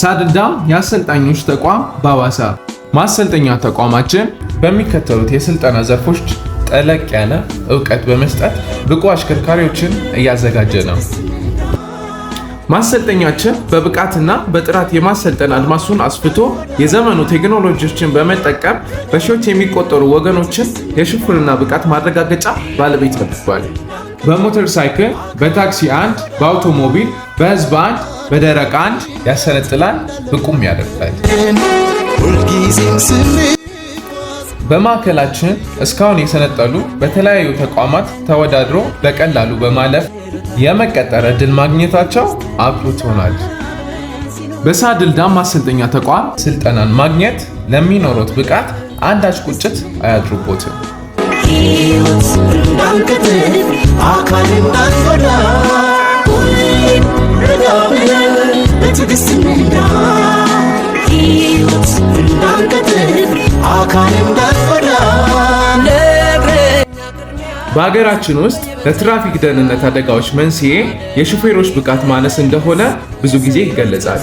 ሳድዳ የአሰልጣኞች ተቋም በአዋሳ ማሰልጠኛ ተቋማችን በሚከተሉት የስልጠና ዘርፎች ጠለቅ ያለ እውቀት በመስጠት ብቁ አሽከርካሪዎችን እያዘጋጀ ነው። ማሰልጠኛችን በብቃትና በጥራት የማሰልጠን አድማሱን አስፍቶ የዘመኑ ቴክኖሎጂዎችን በመጠቀም በሺዎች የሚቆጠሩ ወገኖችን የሽፍንና ብቃት ማረጋገጫ ባለቤት አድርጓል። በሞተር ሳይክል፣ በታክሲ አንድ፣ በአውቶሞቢል፣ በህዝብ አንድ፣ በደረቅ አንድ ያሰለጥላል፣ ብቁም ያደርጋል። በማዕከላችን እስካሁን የሰለጠኑ በተለያዩ ተቋማት ተወዳድሮ በቀላሉ በማለፍ የመቀጠር እድል ማግኘታቸው አብቅቶናል። በሳድል ዳም ማሰልጠኛ ተቋም ስልጠናን ማግኘት ለሚኖሩት ብቃት አንዳች ቁጭት አያድሩቦትም። ሕይወት አካል እንዳንጎዳ ሁሌም ረጋ ብለን በትዕግስት እንዳ ሕይወት አካል እንዳንጎዳ በሀገራችን ውስጥ ለትራፊክ ደህንነት አደጋዎች መንስኤ የሹፌሮች ብቃት ማነስ እንደሆነ ብዙ ጊዜ ይገለጻል።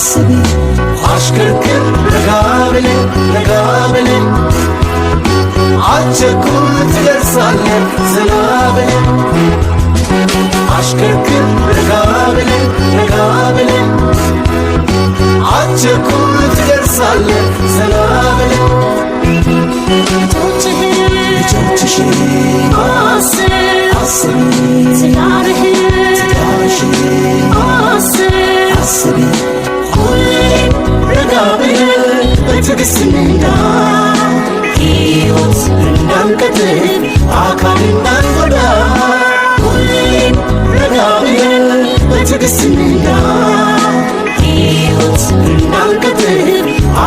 nasıl bir aşk kırkı Regabele, regabele Acı kurtulur sanne zilabele Aşk kırkı regabele, regabele Acı kurtulur sanne zilabele Çok çeşit, çok çeşit Nasıl, nasıl Zilabele, zilabele Nasıl, nasıl ቅድስ ሕይወት እንዳንቀጥል አካል እንዳንጎዳ ሁሌም በትዕግስት ሕይወት እንዳንቀጥል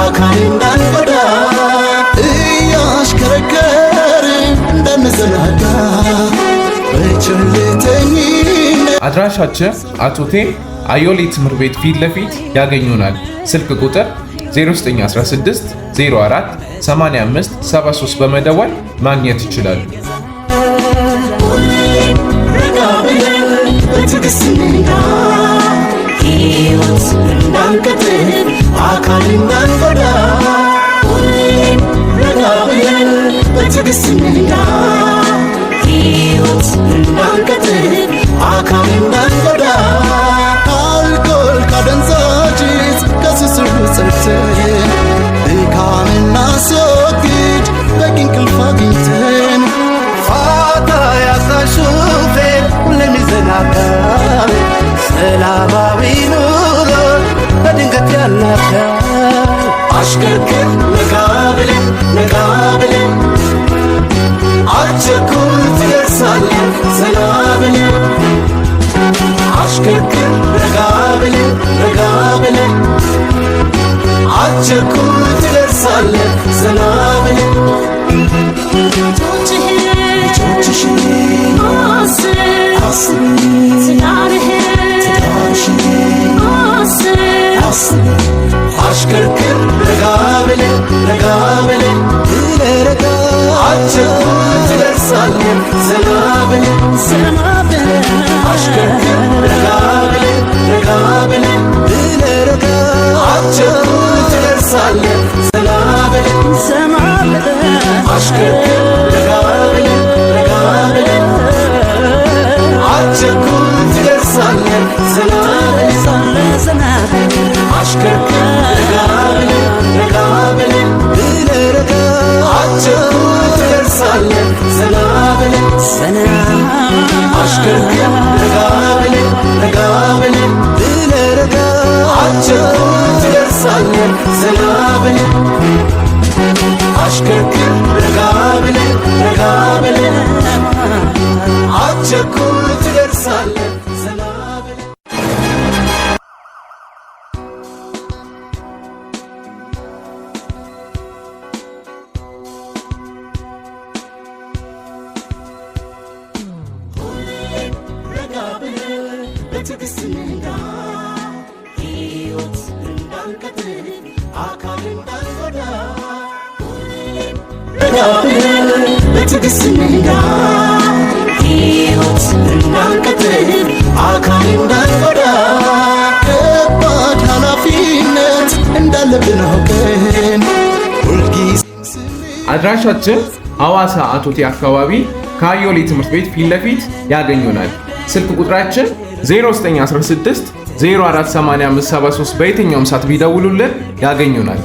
አካል እንዳንጎዳ እያሽከረከር እንዳንዘናጋ አድራሻችን አቶቴ አዮሌ ትምህርት ቤት ፊት ለፊት ያገኙናል። ስልክ ቁጥር 0916 04 85 በመደወል ማግኘት ይችላሉ። ትግስት yakar Aşkı mukabele mukabele Arça kurtulur sallam selabele Aşkı mukabele mukabele Arça kurtulur sallam selabele Çok şehir çok şehir Asıl Asıl Silah Asıl Asıl aşkırkır regabele regabele dile rega açık diler sallim selabele selabele aşkırkır regabele regabele dile rega açık diler sallim selabele selabele aşkırkır regabele regabele açık diler sallim selabele selabele aşkırkır dersalle selam ትግስትና ሕይወት እንዳንቀጥል አካል እንዳንጎዳ ረጋብለን በትግስትና ሕይወት እንዳንቀጥል አካል እንዳንጎዳ ከባድ ኃላፊነት እንዳለብን አውቀን ሁልጊዜ አድራሻችን ሐዋሳ አቶቴ አካባቢ ከአዮሌ ትምህርት ቤት ፊት ለፊት ያገኙናል። ስልክ ቁጥራችን 0916 048573 በየትኛውም ሰዓት ቢደውሉልን ያገኙናል።